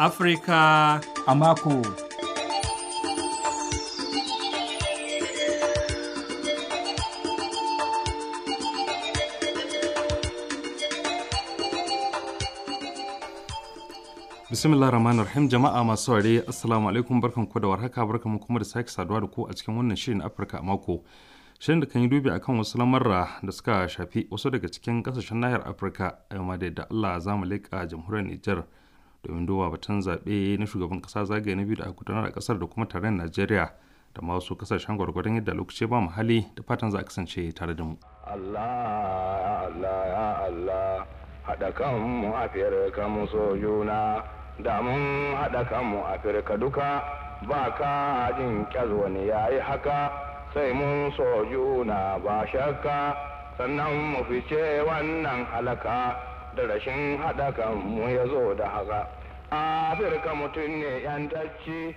Afirka a mako. bismillah rahman rahim jama'a masu saurare assalamu alaikum barkan ku da warhaka barkan kuma da sake saduwa da ku a cikin wannan shirin afirka a mako shirin da kan yi dubi akan wasu lamarra da suka shafi wasu daga cikin kasashen nahiyar afirka a yamma da yadda allah za mu leƙa jamhuriyar nijar domin duba batun zaɓe na shugaban ƙasa zagaye na biyu da aka gudanar a ƙasar da kuma taron najeriya da masu ƙasashen gwargwadon yadda lokaci ba mu hali da fatan za a kasance tare da mu. Allah Allah Allah haɗa kanmu Afirka mu so juna da mun haɗa kanmu Afirka duka ba ka jin ƙyaz wani ya yi haka sai mun so juna ba shakka sannan mu fice wannan halaka. da rashin haɗa mu ya zo da haka afirka mutum ne yan yantacci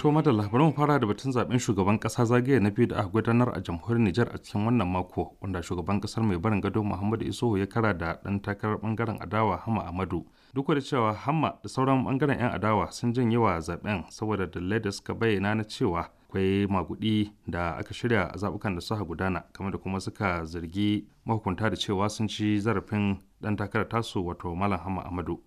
To madalla bari mu fara da batun zaben shugaban kasa zagaye na biyu da aka gudanar a jamhuriyar Nijar a cikin wannan mako wanda shugaban kasar mai barin gado Muhammadu Isuhu ya kara da dan takarar bangaren adawa Hama Amadu. Duk da cewa hamma da sauran bangaren 'yan adawa sun janye wa zaben saboda dalilai da suka bayyana na cewa akwai magudi da aka shirya a zabukan da suka gudana kamar da kuma suka zargi mahukunta da cewa sun ci zarafin dan takarar tasu wato malam hama amadu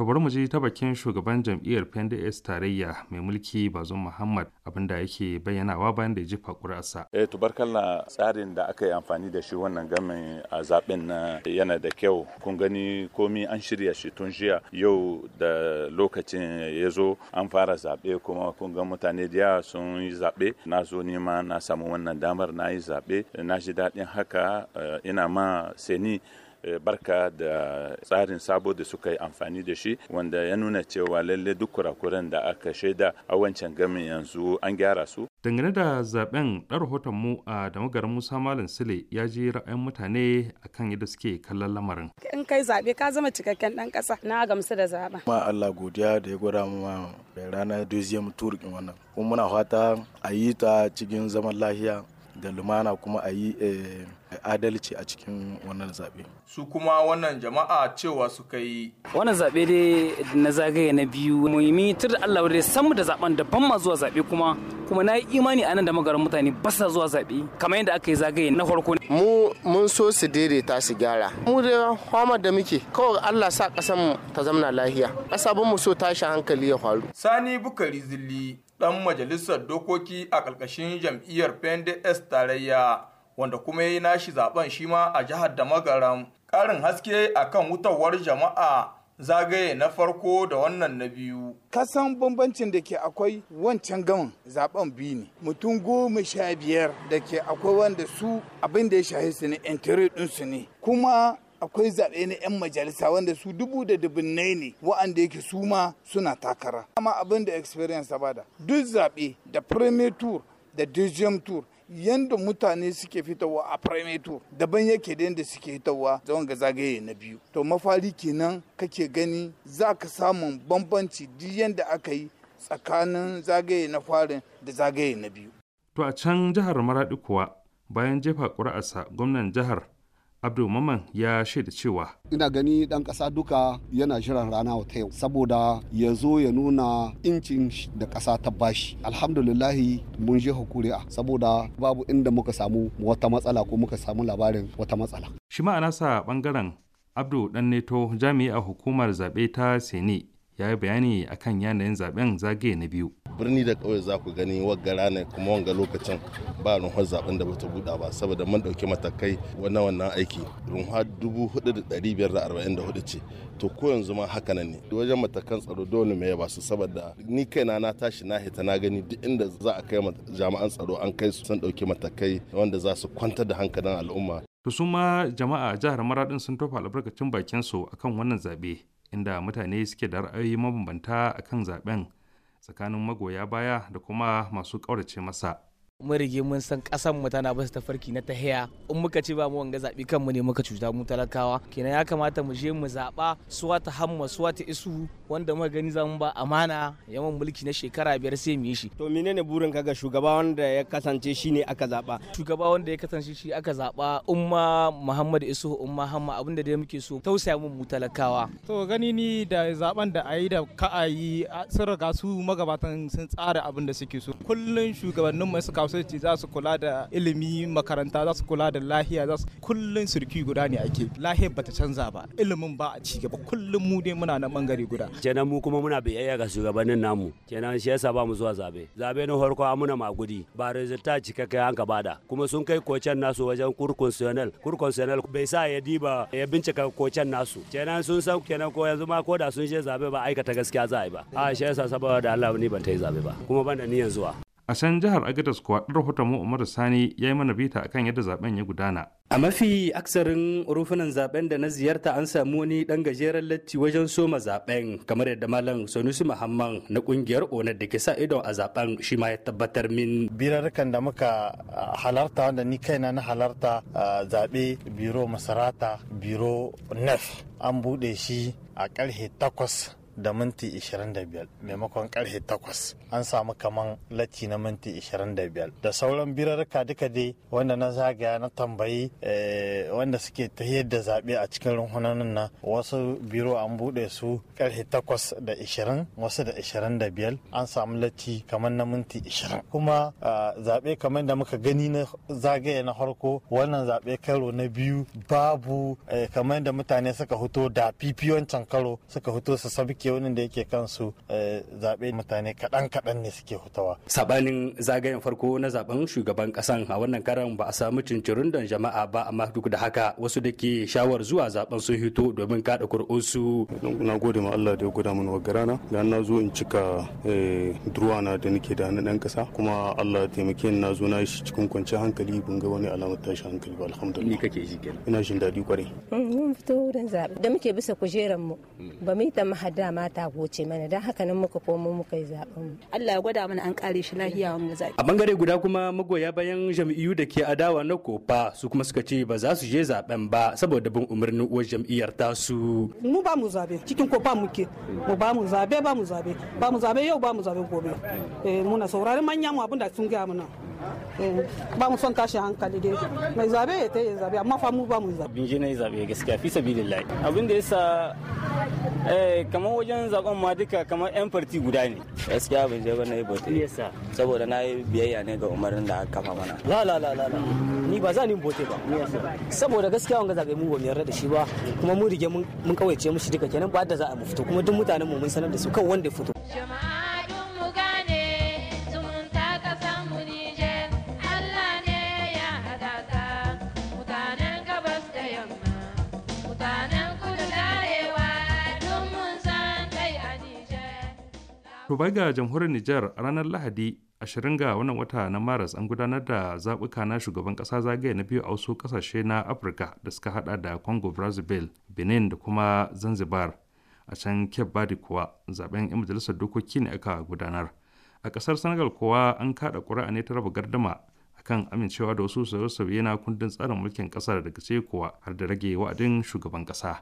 to bari mu ji ta bakin shugaban jam'iyyar pnds tarayya mai mulki bazum muhammad abinda yake bayyanawa bayan da ya jefa ƙuri'arsa. eh tubarkalla tsarin da aka yi amfani da shi wannan gamin a zaben na yana da kyau kun gani komi an shirya shi tun jiya yau da lokacin ya zo an fara zaɓe kuma kun ga mutane da yawa sun yi zaɓe na zo nima na samu wannan damar na yi zaɓe na ji daɗin haka eh, ina ma sani Eh, barka da tsarin sabo da suka yi amfani da shi wanda ya nuna cewa lalle duk kurakuren da aka shaida a wancan gamin yanzu an gyara su dangane da zaben ɗan rahoton mu a damagarin musa malam sule ya ji ra'ayin mutane a kan yadda suke kallon lamarin in kai zaɓe ka zama cikakken ɗan ƙasa na gamsu da zaɓen ma allah godiya da ya gwada ma rana doziyar turkin wannan kuma muna fata a yi ta cikin zaman lahiya da lumana kuma a yi eh, adalci a cikin wannan zaɓe. Su kuma wannan jama'a cewa suka yi. Wannan zaɓe dai na zagaye na biyu muhimmi tur da Allah dai san mu da zaɓen da ban ma zuwa zaɓe kuma kuma na yi imani a nan da magaran mutane ba sa zuwa zaɓe kamar yadda aka yi zagaye na farko. Mu mun so su daidaita su gyara. Mu da hama da muke kawai Allah sa mu ta zamana lahiya. Ƙasa ban mu so tashi hankali ya faru. Sani Bukari Zilli ɗan majalisar dokoki a ƙarƙashin jam'iyyar PNDS tarayya wanda kuma ya yi nashi zaben shi ma a jihar da magaram ƙarin haske akan wutawar jama'a zagaye na farko da wannan na biyu. Kasan bambancin da ke akwai wancan gaman zaben biyu ne. Mutum goma sha biyar da ke akwai wanda su abin da ya shahi su ne intere ɗinsu ne. Kuma akwai zaɓe na 'yan majalisa wanda su dubu da nai ne wa'anda yake su ma suna takara. Amma abin da experience bada duk zaɓe da premier tour da dijim tour yanda mutane suke fitowa a primator daban yake da yanda suke fitowa zaman ga zagaye na biyu to mafari kenan kake gani za ka samun bambanci duk yadda aka yi tsakanin zagaye na farin da zagaye na biyu to a can jihar maradi kuwa bayan jefa ƙuri'arsa gwamnan jihar Abdulmaman ya shaida cewa ina gani dan ƙasa duka yana jiran rana wata yau saboda ya zo ya nuna incin da ƙasa ta bashi alhamdulillahi mun je a saboda babu inda muka samu wata matsala ko muka samu labarin wata matsala shi ma'ana sa bangaren abdu dan neto jami'i hukumar zaɓe ta sene. ya yi bayani akan yanayin zaben zagaye na biyu birni da ƙauye za ku gani wagga rana kuma wanga lokacin ba runhar zaben da bata buɗa ba saboda mun ɗauki matakai wannan wannan aiki runha dubu hudu da ɗari biyar da arba'in da hudu ce to ko yanzu ma haka nan ne wajen matakan tsaro dole mai ba su saboda ni kaina na tashi na hita na gani duk inda za a kai jama'an tsaro an kai su sun ɗauki matakai wanda za su kwantar da hankalin al'umma to su ma jama'a jihar maradin sun tofa albarkacin bakin su akan wannan zabe inda mutane suke da ra'ayoyi mabambanta a kan zaben tsakanin magoya baya da kuma masu ƙaurace masa. mun rige mun san kasan mu tana basu tafarki na tahiya in muka ce ba mu wanga zabi kanmu ne muka cuta mu talakawa kenan ya kamata mu je mu zaba suwa ta hamma suwa ta isu wanda muka gani zamu ba amana yawan mulki na shekara biyar sai mu yi shi to menene burin ka ga shugaba wanda ya kasance shi ne aka zaba shugaba wanda ya kasance shi aka zaba umma muhammad isu umma hamma abinda dai muke so tausaya mu mu talakawa to gani ni da zaben da ayi da ka ayi sun riga su magabatan sun tsara abin da suke so kullun shugabannin mu suka kasuwanci za su kula da ilimi makaranta za su kula da lahiya za su kullun surki guda ne ake lahiyar bata canza ba ilimin ba a ci gaba kullun mu dai muna nan bangare guda kenan mu kuma muna biyayya ga shugabannin namu kenan shi yasa ba mu zuwa zabe zabe na farko muna magudi ba resulta cikakke an ka bada kuma sun kai kocen nasu wajen kurkonsional kurkonsional bai sa ya diba ya bincika kocen nasu kenan sun san kenan ko yanzu ma ko da sun je zabe ba aikata gaskiya za a yi ba a shi yasa saboda Allah ni ban ta yi zabe ba kuma ban da niyan zuwa a can jihar agadas kuwa rahoton mu umaru sani ya yi mana bita akan yadda zaben ya gudana a mafi aksarin rufunan zaben da na ziyarta an samu wani ɗan gajeren latti wajen soma zaben kamar yadda malam sanusi muhammad na kungiyar onar da ke sa ido a zaben shi ma ya tabbatar min birarkan da muka ah, halarta wanda ni kaina na halarta ah, zabe biro masarata biro nef an bude shi a karhe takwas da minti 25 maimakon karhe takwas an samu kaman lati na minti 25 da sauran birarka duka dai wanda na zagaya na tambayi eh, wanda suke ta da zaɓe a cikin runhunanin na wasu biro an buɗe su karfe 8 da 20 wasu da 25 an samu lati kaman na minti 20 kuma zaɓe kaman da muka gani na zagaya na farko wannan zaɓe karo na biyu babu eh, kaman da mutane suka fito da fifi wancan karo suka fito su sabke wani da yake kansu eh, zaɓe mutane kaɗan kaɗan kaɗan ne suke hutawa. Sabanin zagayen farko na zaben shugaban ƙasan a wannan karan ba a samu cincirindon jama'a ba amma duk da haka wasu da ke shawar zuwa zaben sun hito domin kaɗa kur'unsu. Na gode ma Allah da ya gwada mana wagga rana da na zo in cika eh, na da nake da na ɗan ƙasa kuma Allah taimake ni na zo na shi cikin kwanciyar hankali ban ga wani alamar tashin hankali ba alhamdulillah. Ni kake ji kenan. Ina jin daɗi kwarai. Mm, mun fito wurin zaɓe da muke bisa kujeran mu ba mu yi ta mahadda mata goce mana don haka nan muka komo muka yi zaɓen mu. Allah ya gwada mana an kare shi lahiya mu zaɓe. A bangare guda kuma magoya bayan jam'iyyu da ke adawa na kofa su kuma suka ce ba za su je zaben ba saboda bin umarnin uwar jam'iyyar ta su. Mu ba mu zabe cikin kofa muke mu ba mu zabe ba mu zabe ba mu zabe yau ba mu zabe gobe. Eh, muna sauraron manya mu abinda da sun gaya mana. Eh, ba mu son tashi hankali dai mai zabe ya ta yi zabe amma fa mu ba mu zabe bin je na yi zabe gaskiya fi sabilillahi abin da yasa eh kamar wajen zaben ma duka kamar yan farti guda ne gaskiya ban je ba na yi bote yasa saboda na yi biyayya ne ga umarnin da aka kafa mana la la la la ni ba za ni bote ba saboda gaskiya wanga zabe mu ba mu yarda da shi ba kuma mu rige mun kawace mushi duka kenan ba da za a mu fito kuma duk mutanen mu mun sanar da su kan wanda ya fito jama'a Dubai ga jamhuriyar Nijar ranar Lahadi 20 ga wannan wata na Maris an gudanar da zaɓuka na shugaban ƙasa zagaye na biyu a wasu ƙasashe na Afirka da suka hada da Congo Brazzaville, Benin da kuma Zanzibar. A can Cape Verde kuwa zaben 'yan majalisar dokoki ne aka gudanar. A ƙasar Senegal kuwa an kaɗa ƙuri'a ne ta raba gardama akan amincewa da wasu sauye-sauye na kundin tsarin mulkin ƙasar daga sai kuwa har da rage wa'adin shugaban ƙasa.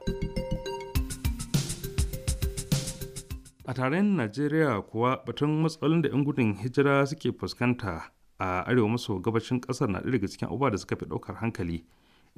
a tarayyar najeriya kuwa batun matsalolin da 'yan gudun hijira suke fuskanta a arewa maso gabashin kasar na daga cikin abubuwa da suka fi daukar hankali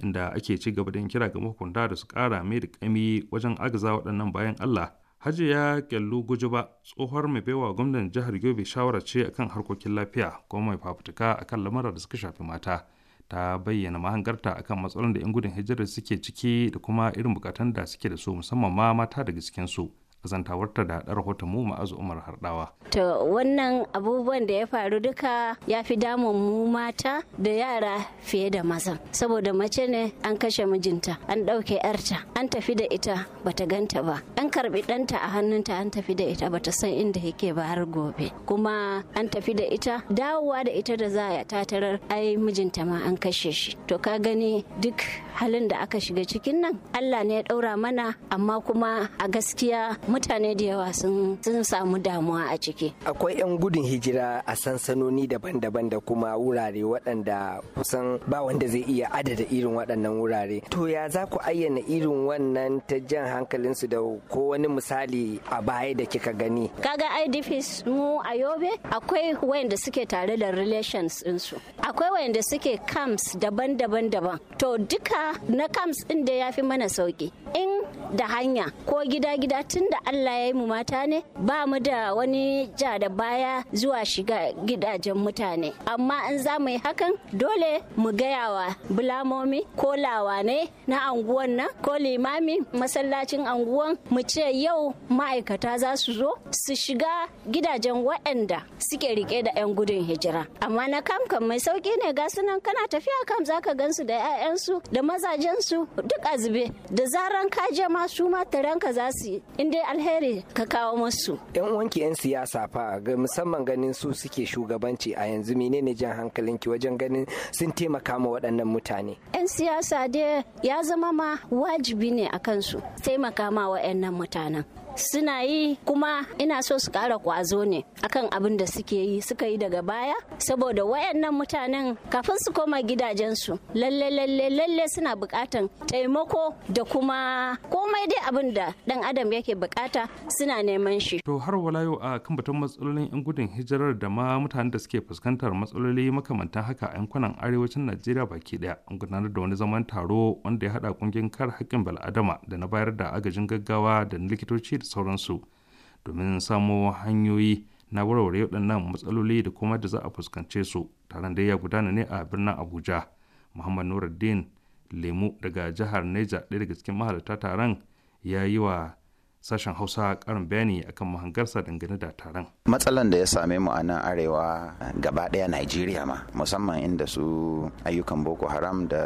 inda ake ci gaba da yin kira ga mahukunta da su kara mai da kami wajen agaza waɗannan bayan allah hajiya kyallu ba tsohuwar mai baiwa gwamnan jihar gobe shawara ce akan harkokin lafiya kuma mai fafutuka akan lamura da suka shafi mata ta bayyana mahangarta akan matsalolin da 'yan gudun hijira suke ciki da kuma irin bukatan da suke da su musamman ma mata daga cikinsu azantawarta da haɗa rahoton mu ma'azu umar hardawa. to wannan abubuwan da ya faru duka ya fi damun mu mata da yara fiye da maza saboda mace ne an kashe mijinta an ɗauke yarta an tafi da ita bata ganta ba an karbi ɗanta a hannunta an tafi da ita bata san inda yake ba har gobe kuma an tafi da ita dawowa da ita da za a ta tarar ai mijinta ma an kashe shi to ka gani duk halin da aka shiga cikin nan Allah ne ya ɗaura mana amma kuma a gaskiya mutane da yawa sun samu damuwa a ciki. Akwai 'yan gudun hijira a sansanoni daban-daban da kuma wurare waɗanda kusan ba wanda zai iya adada irin waɗannan wurare. To ya za ku ayyana irin wannan ta jan hankalinsu da ko wani misali a baya da kika gani? Kaga IDPs mu a Yobe akwai wayanda suke tare da relations ɗinsu. Akwai wayanda suke camps daban-daban daban. To duka na kams din da ya fi mana sauki in da hanya ko gida gida tun da Allah ya yi mu mata ne ba mu da wani ja da baya zuwa shiga gidajen mutane amma in za mu yi hakan dole mu gaya wa bulamomi ko lawane na anguwan nan ko limami masallacin anguwan mu ce yau ma'aikata za su zo su shiga gidajen waɗanda suke rike da 'yan gudun hijira amma na kam kam mai sauki ne ga sunan kana tafiya kam zaka gansu da 'ya'yansu da mazajen su duk azube da zaran ka je ma su ma za su in dai alheri ka kawo musu yan wanki yan siyasa fa ga musamman ganin su suke shugabanci a yanzu menene jan hankalinki wajen ganin sun taimaka ma waɗannan mutane yan siyasa dai ya zama ma wajibi ne a kansu taimaka ma waɗannan mutanen suna yi kuma ina so su ƙara kwazo ne akan abin da suke yi suka yi daga baya saboda wayannan mutanen kafin su koma gidajensu lalle lalle lalle suna bukatan taimako da kuma komai dai abin da dan adam yake bukata suna neman shi. To har wala yau a kan batun matsalolin 'yan gudun hijirar da ma mutanen da suke fuskantar matsaloli makamantan haka a yankunan arewacin Najeriya baki daya an gudanar da wani zaman taro wanda ya hada kungiyar kar haƙƙin bal'adama da na bayar da agajin gaggawa da likitoci da sauransu domin samo hanyoyi na warware waɗannan matsaloli da kuma da za a fuskance su taron da ya gudana ne a birnin abuja muhammad nuruddin lemu daga jihar neja ɗaya daga cikin mahalarta taron ya yi wa sashen hausa karin bayani akan mahangarsa dangane da taron matsalan da ya same mu a nan arewa gaba daya nigeria ma musamman inda su ayyukan boko haram da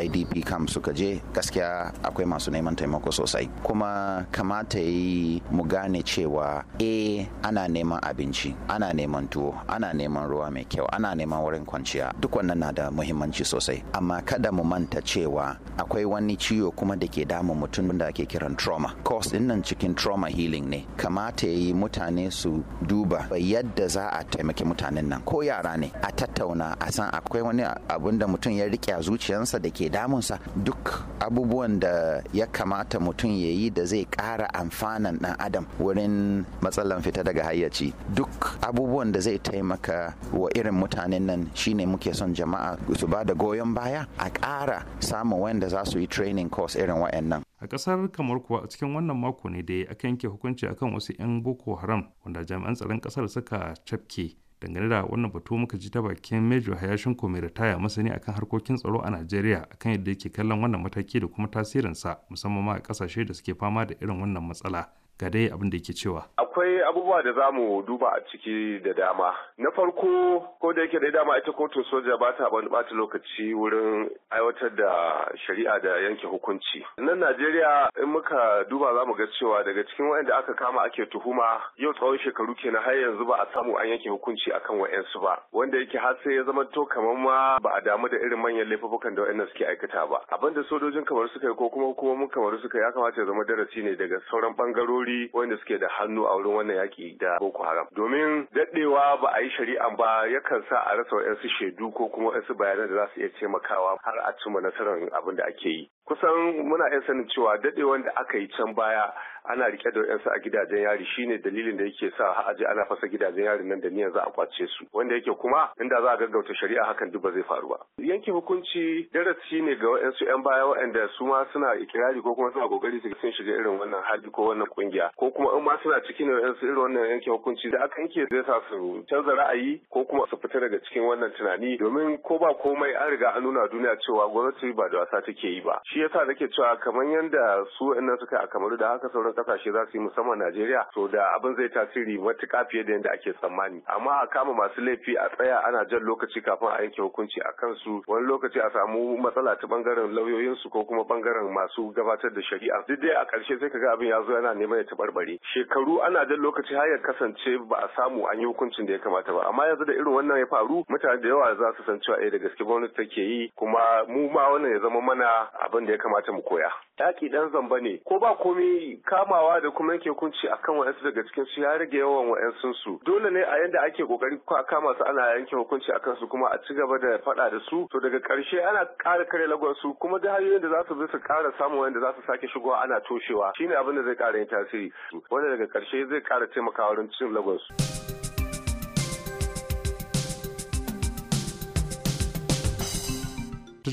idp camp suka je gaskiya akwai masu neman taimako sosai kuma kamata yi mu gane cewa e ana neman abinci ana neman tuwo ana neman ruwa mai kyau ana neman wurin kwanciya duk wannan na da muhimmanci sosai amma kada mu manta cewa akwai wani ciwo kuma da ke damun mutum da ake kiran trauma cause wannan cikin trauma healing ne kamata ya yi mutane su duba yadda za a taimaki mutanen nan ko yara ne a tattauna a san akwai wani abun da mutum ya rike a zuciyarsa da ke damunsa duk abubuwan da ya kamata mutum ya yi da zai kara amfanan 'dan adam wurin matsalan fita daga hayyaci duk abubuwan da zai taimaka wa irin mutanen nan shine muke son jama'a su ba da goyon baya a kara samun wanda za su yi training course irin wa'annan a kasar kamar kuwa a cikin wannan mako ne dai aka yanke hukunci akan wasu 'yan boko haram wanda jami'an tsaron kasar suka cafke dangane da wannan batu muka ji ta bakin major hayashin mai ritaya masani akan harkokin tsaro a najeriya akan yadda yake kallon wannan mataki da kuma tasirinsa musamman ma a kasashe da suke fama da irin wannan matsala ga dai abin da yake cewa. Akwai abubuwa da za mu duba a ciki da dama. Na farko ko da yake dai dama ita kotun soja ba ta bata lokaci wurin aiwatar da shari'a da yanke hukunci. Nan Najeriya in muka duba za mu ga cewa daga cikin waɗanda aka kama ake tuhuma yau tsawon shekaru kenan har yanzu ba a samu an yanke hukunci akan waɗansu ba. Wanda yake har sai ya zama to kamar ma ba a damu da irin manyan laifukan da waɗannan suke aikata ba. Abin da sojojin kamar suka yi ko kuma hukumomin kamar suka yi ya kamata ya zama darasi ne daga sauran bangarori. bangarori wanda suke da hannu a wurin wannan yaki da Boko Haram. Domin daɗewa ba a yi shari'an ba yakan sa a rasa wa'yansu shaidu ko kuma wa'yansu bayanan da za su iya taimakawa har a cimma nasarar abin da ake yi. kusan muna iya sanin cewa dadewan wanda aka yi can baya ana rike da yansu a gidajen yari shine dalilin da yake sa har aje ana fasa gidajen yari nan da niyan za a kwace su wanda yake kuma inda za a gaggauta shari'a hakan duk ba zai faru ba yanke hukunci darasi ne ga wayansu yan baya waɗanda su ma suna ikirari ko kuma suna kokari su sun shiga irin wannan hali ko wannan kungiya ko kuma in ma suna cikin wayansu irin wannan yanke hukunci da aka yanke zai sa su canza ra'ayi ko kuma su fita daga cikin wannan tunani domin ko ba komai an riga an nuna duniya cewa gwamnati ba da wasa take yi ba shi yasa nake cewa kamar yadda su nan suka a kamaru da haka sauran kasashe za su yi musamman Najeriya to da abin zai tasiri matuka fiye da yadda ake tsammani amma a kama masu laifi a tsaya ana jan lokaci kafin a yanke hukunci a kansu wani lokaci a samu matsala ta bangaren lauyoyin su ko kuma bangaren masu gabatar da shari'a duk dai a ƙarshe sai kaga abin ya zo yana neman ya tabarbare shekaru ana jan lokaci har ya kasance ba a samu an yi hukuncin da ya kamata ba amma yanzu da irin wannan ya faru mutane da yawa za su san cewa eh da gaske gwamnati take yi kuma mu ma wannan ya zama mana abin abin da ya kamata mu koya yaƙi dan zamba ne ko ba komai kamawa da kuma yake kunci kan wa'ansu daga cikin su ya rage yawan wa'ansu su dole ne a yanda ake kokari kama su ana yanke hukunci akan su kuma a ci gaba da faɗa da su to daga ƙarshe ana ƙara kare lagos kuma da hanyoyin da za su bi su ƙara samun wanda za su sake shigowa ana toshewa shi ne abin da zai ƙara yin tasiri wanda daga ƙarshe zai ƙara taimakawa wurin cin lagos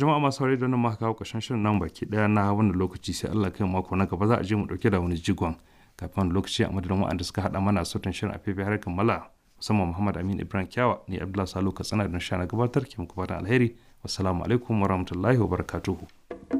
jama'a masu haure don ma kawo ƙarshen shirin nan baki ɗaya na wannan lokaci sai Allah kai mako na gaba za a je mu ɗauke da wani jigon kafin wani lokaci a madadin wa'anda suka haɗa mana sautin shirin a fefe har kammala musamman Muhammad Amin Ibrahim Kyawa ne Abdullahi Salo Katsina don sha na gabatar ke muku fatan alheri wassalamu alaikum warahmatullahi wabarakatuhu.